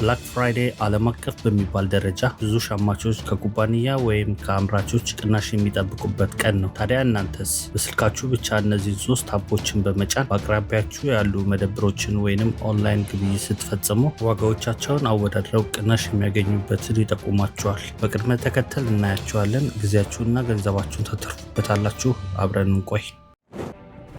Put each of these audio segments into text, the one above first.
ብላክ ፍራይዴ ዓለም አቀፍ በሚባል ደረጃ ብዙ ሸማቾች ከኩባንያ ወይም ከአምራቾች ቅናሽ የሚጠብቁበት ቀን ነው። ታዲያ እናንተስ በስልካችሁ ብቻ እነዚህን ሶስት አፖችን በመጫን በአቅራቢያችሁ ያሉ መደብሮችን ወይንም ኦንላይን ግብይት ስትፈጽሙ ዋጋዎቻቸውን አወዳድረው ቅናሽ የሚያገኙበትን ይጠቁማችኋል። በቅድመ ተከተል እናያቸዋለን። ጊዜያችሁና ገንዘባችሁን ተተርፉበታላችሁ። አብረን እንቆይ።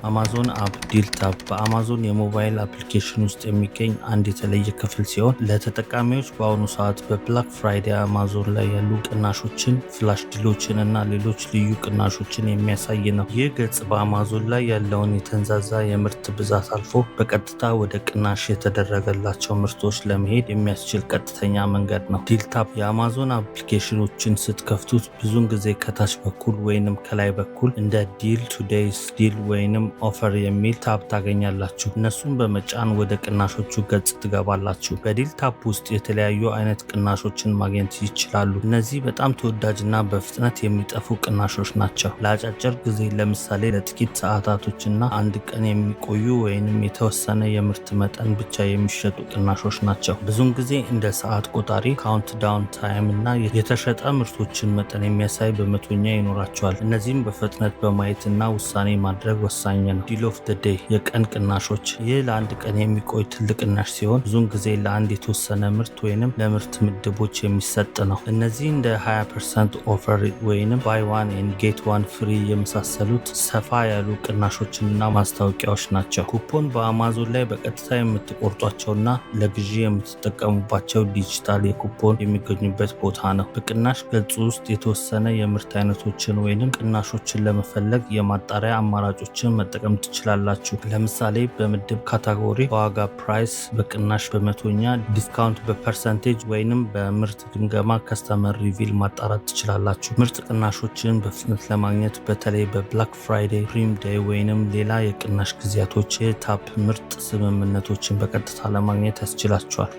አማዞን አፕ ዲል ታብ በአማዞን የሞባይል አፕሊኬሽን ውስጥ የሚገኝ አንድ የተለየ ክፍል ሲሆን ለተጠቃሚዎች በአሁኑ ሰዓት በብላክ ፍራይዴ አማዞን ላይ ያሉ ቅናሾችን፣ ፍላሽ ዲሎችን እና ሌሎች ልዩ ቅናሾችን የሚያሳይ ነው። ይህ ገጽ በአማዞን ላይ ያለውን የተንዛዛ የምርት ብዛት አልፎ በቀጥታ ወደ ቅናሽ የተደረገላቸው ምርቶች ለመሄድ የሚያስችል ቀጥተኛ መንገድ ነው። ዲል ታብ የአማዞን አፕሊኬሽኖችን ስትከፍቱት ብዙን ጊዜ ከታች በኩል ወይንም ከላይ በኩል እንደ ዲል ቱዴይስ ዲል ወይንም ኦፈር የሚል ታብ ታገኛላችሁ። እነሱን በመጫን ወደ ቅናሾቹ ገጽ ትገባላችሁ። በዲል ታፕ ውስጥ የተለያዩ አይነት ቅናሾችን ማግኘት ይችላሉ። እነዚህ በጣም ተወዳጅና በፍጥነት የሚጠፉ ቅናሾች ናቸው። ለአጫጭር ጊዜ ለምሳሌ ለጥቂት ሰዓታቶችና አንድ ቀን የሚቆዩ ወይንም የተወሰነ የምርት መጠን ብቻ የሚሸጡ ቅናሾች ናቸው። ብዙውን ጊዜ እንደ ሰዓት ቆጣሪ፣ ካውንት ዳውን ታይም እና የተሸጠ ምርቶችን መጠን የሚያሳይ በመቶኛ ይኖራቸዋል። እነዚህም በፍጥነት በማየትና ውሳኔ ማድረግ ወሳኝ ነው። ዲል ኦፍ ደ ዴይ የቀን ቅናሾች። ይህ ለአንድ ቀን የሚቆይ ትልቅ ቅናሽ ሲሆን ብዙውን ጊዜ ለአንድ የተወሰነ ምርት ወይንም ለምርት ምድቦች የሚሰጥ ነው። እነዚህ እንደ 20 ፐርሰንት ኦፈር ወይንም ባይ ዋን ኤን ጌት ዋን ፍሪ የመሳሰሉት ሰፋ ያሉ ቅናሾችንና ማስታወቂያዎች ናቸው። ኩፖን በአማዞን ላይ በቀጥታ የምትቆርጧቸውና ለግዢ የምትጠቀሙባቸው ዲጂታል የኩፖን የሚገኙበት ቦታ ነው። በቅናሽ ገጹ ውስጥ የተወሰነ የምርት አይነቶችን ወይንም ቅናሾችን ለመፈለግ የማጣሪያ አማራጮችን መጠቀም ትችላላችሁ። ትችላላችሁ። ለምሳሌ በምድብ ካታጎሪ በዋጋ ፕራይስ በቅናሽ በመቶኛ ዲስካውንት በፐርሰንቴጅ ወይንም በምርት ግምገማ ከስተመር ሪቪል ማጣራት ትችላላችሁ። ምርጥ ቅናሾችን በፍጥነት ለማግኘት በተለይ በብላክ ፍራይዴይ፣ ፕሪም ዴይ ወይንም ሌላ የቅናሽ ጊዜያቶች የታፕ ምርጥ ስምምነቶችን በቀጥታ ለማግኘት ያስችላችኋል።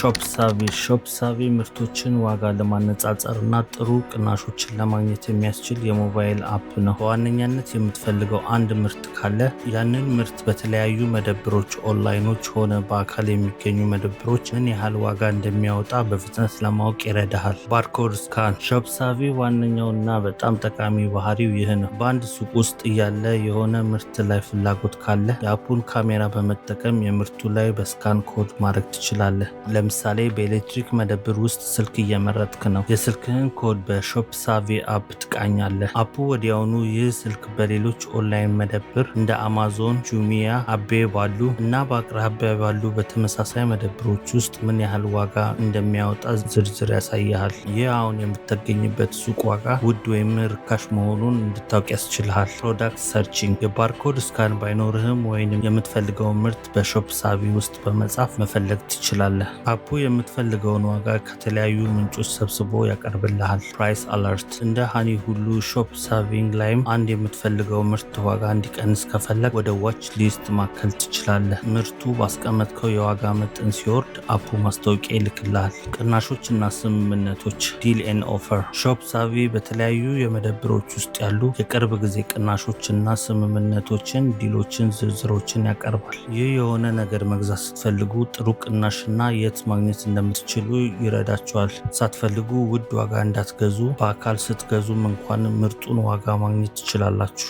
ሾፕ ሳቪ ሾፕ ሳቪ ምርቶችን ዋጋ ለማነጻጸር እና ጥሩ ቅናሾችን ለማግኘት የሚያስችል የሞባይል አፕ ነው። በዋነኛነት የምትፈልገው አንድ ምርት ካለ ያንን ምርት በተለያዩ መደብሮች፣ ኦንላይኖች ሆነ በአካል የሚገኙ መደብሮች ምን ያህል ዋጋ እንደሚያወጣ በፍጥነት ለማወቅ ይረዳሃል። ባርኮድ ስካን ሾፕ ዋነኛው ዋነኛውና በጣም ጠቃሚ ባህሪው ይህ ነው። በአንድ ሱቅ ውስጥ እያለ የሆነ ምርት ላይ ፍላጎት ካለ የአፑን ካሜራ በመጠቀም የምርቱ ላይ በስካን ኮድ ማድረግ ትችላለህ። ለምሳሌ በኤሌክትሪክ መደብር ውስጥ ስልክ እየመረጥክ ነው። የስልክህን ኮድ በሾፕ ሳቪ አፕ ትቃኛለህ። አፑ ወዲያውኑ ይህ ስልክ በሌሎች ኦንላይን መደብር እንደ አማዞን፣ ጁሚያ፣ አቤ ባሉ እና በአቅራቢያ ባሉ በተመሳሳይ መደብሮች ውስጥ ምን ያህል ዋጋ እንደሚያወጣ ዝርዝር ያሳይሃል። ይህ አሁን የምትገኝበት ሱቅ ዋጋ ውድ ወይም ርካሽ መሆኑን እንድታውቅ ያስችልሃል። ፕሮዳክት ሰርቺንግ የባርኮድ እስካን ባይኖርህም ወይም የምትፈልገው ምርት በሾፕ ሳቪ ውስጥ በመጻፍ መፈለግ ትችላለህ። አፑ የምትፈልገውን ዋጋ ከተለያዩ ምንጮች ሰብስቦ ያቀርብልሃል። ፕራይስ አለርት እንደ ሃኒ ሁሉ ሾፕ ሳቪንግ ላይም አንድ የምትፈልገው ምርት ዋጋ እንዲቀንስ ከፈለግ ወደ ዋች ሊስት ማከል ትችላለህ። ምርቱ ባስቀመጥከው የዋጋ መጠን ሲወርድ አፑ ማስታወቂያ ይልክልሃል። ቅናሾች እና ስምምነቶች ዲል ኤን ኦፈር ሾፕ ሳቪ በተለያዩ የመደብሮች ውስጥ ያሉ የቅርብ ጊዜ ቅናሾች እና ስምምነቶችን፣ ዲሎችን፣ ዝርዝሮችን ያቀርባል። ይህ የሆነ ነገር መግዛት ስትፈልጉ ጥሩ ቅናሽና የት ማግኘት እንደምትችሉ ይረዳቸዋል። ሳትፈልጉ ውድ ዋጋ እንዳትገዙ፣ በአካል ስትገዙም እንኳን ምርጡን ዋጋ ማግኘት ትችላላችሁ።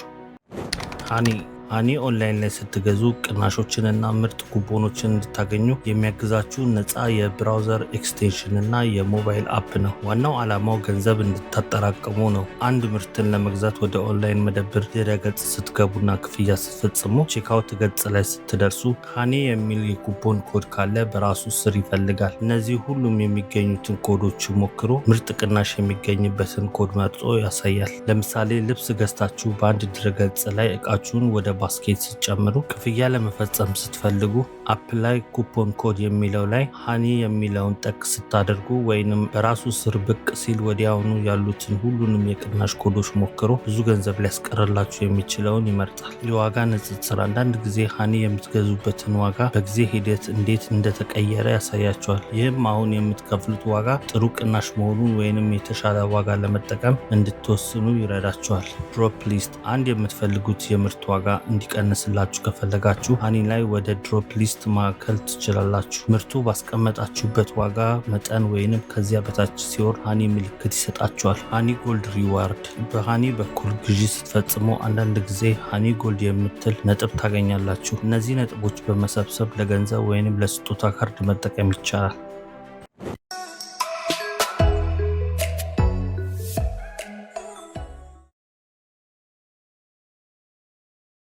ሃኒ ሃኒ ኦንላይን ላይ ስትገዙ ቅናሾችንና ምርጥ ኩቦኖችን እንድታገኙ የሚያግዛችሁ ነፃ የብራውዘር ኤክስቴንሽን እና የሞባይል አፕ ነው። ዋናው ዓላማው ገንዘብ እንድታጠራቅሙ ነው። አንድ ምርትን ለመግዛት ወደ ኦንላይን መደብር ድረ ገጽ ስትገቡና ክፍያ ስትፈጽሙ ቼካውት ገጽ ላይ ስትደርሱ ሃኒ የሚል የኩቦን ኮድ ካለ በራሱ ስር ይፈልጋል። እነዚህ ሁሉም የሚገኙትን ኮዶች ሞክሮ ምርጥ ቅናሽ የሚገኝበትን ኮድ መርጦ ያሳያል። ለምሳሌ ልብስ ገዝታችሁ በአንድ ድረ ገጽ ላይ እቃችሁን ወደ ባስኬት ሲጨምሩ ክፍያ ለመፈጸም ስትፈልጉ አፕላይ ኩፖን ኮድ የሚለው ላይ ሃኒ የሚለውን ጠቅ ስታደርጉ ወይንም በራሱ ስር ብቅ ሲል ወዲያውኑ ያሉትን ሁሉንም የቅናሽ ኮዶች ሞክሮ ብዙ ገንዘብ ሊያስቀርላችሁ የሚችለውን ይመርጣል። የዋጋ ንጽጽር አንዳንድ ጊዜ ሃኒ የምትገዙበትን ዋጋ በጊዜ ሂደት እንዴት እንደተቀየረ ያሳያቸዋል። ይህም አሁን የምትከፍሉት ዋጋ ጥሩ ቅናሽ መሆኑን ወይንም የተሻለ ዋጋ ለመጠቀም እንድትወስኑ ይረዳቸዋል። ድሮፕ ሊስት አንድ የምትፈልጉት የምርት ዋጋ እንዲቀንስላችሁ ከፈለጋችሁ ሃኒ ላይ ወደ ድሮፕ ሊስት ማዕከል ትችላላችሁ። ምርቱ ባስቀመጣችሁበት ዋጋ መጠን ወይንም ከዚያ በታች ሲሆን ሃኒ ምልክት ይሰጣችኋል። ሃኒ ጎልድ ሪዋርድ በሃኒ በኩል ግዢ ስትፈጽሙ አንዳንድ ጊዜ ሃኒ ጎልድ የምትል ነጥብ ታገኛላችሁ። እነዚህ ነጥቦች በመሰብሰብ ለገንዘብ ወይንም ለስጦታ ካርድ መጠቀም ይቻላል።